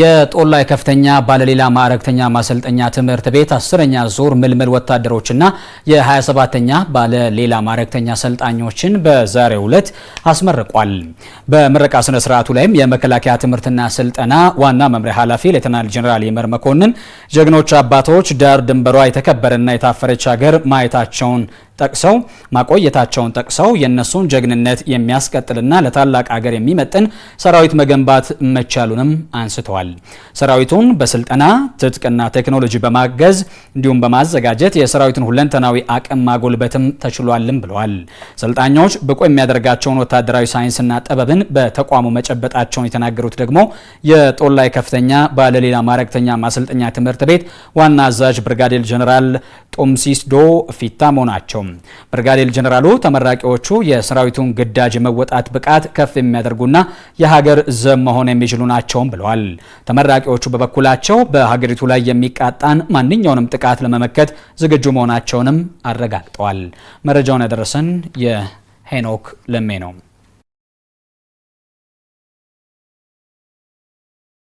የጦላይ ከፍተኛ ባለሌላ ማዕረግተኛ ማሰልጠኛ ትምህርት ቤት አስረኛ ዙር ምልምል ወታደሮችና የ27ተኛ ባለሌላ ማዕረግተኛ ሰልጣኞችን በዛሬው ዕለት አስመርቋል። በምረቃ ስነ ስርዓቱ ላይም የመከላከያ ትምህርትና ስልጠና ዋና መምሪያ ኃላፊ ሌተናል ጀኔራል ይመር መኮንን ጀግኖች አባቶች ዳር ድንበሯ የተከበረና የታፈረች ሀገር ማየታቸውን ጠቅሰው ማቆየታቸውን ጠቅሰው የእነሱን ጀግንነት የሚያስቀጥልና ለታላቅ አገር የሚመጥን ሰራዊት መገንባት መቻሉንም አንስተዋል። ሰራዊቱን በስልጠና ትጥቅና ቴክኖሎጂ በማገዝ እንዲሁም በማዘጋጀት የሰራዊቱን ሁለንተናዊ አቅም ማጎልበትም ተችሏልም ብለዋል። ሰልጣኞች ብቁ የሚያደርጋቸውን ወታደራዊ ሳይንስና ጥበብን በተቋሙ መጨበጣቸውን የተናገሩት ደግሞ የጦር ላይ ከፍተኛ ባለሌላ ማረግተኛ ማሰልጠኛ ትምህርት ቤት ዋና አዛዥ ብርጋዴር ጀነራል ዶ ፊታ መሆናቸው። ብርጋዴር ጀኔራሉ ተመራቂዎቹ የሰራዊቱን ግዳጅ መወጣት ብቃት ከፍ የሚያደርጉና የሀገር ዘብ መሆን የሚችሉ ናቸውም ብለዋል። ተመራቂዎቹ በበኩላቸው በሀገሪቱ ላይ የሚቃጣን ማንኛውንም ጥቃት ለመመከት ዝግጁ መሆናቸውንም አረጋግጠዋል። መረጃውን ያደረሰን የሄኖክ ለሜ ነው።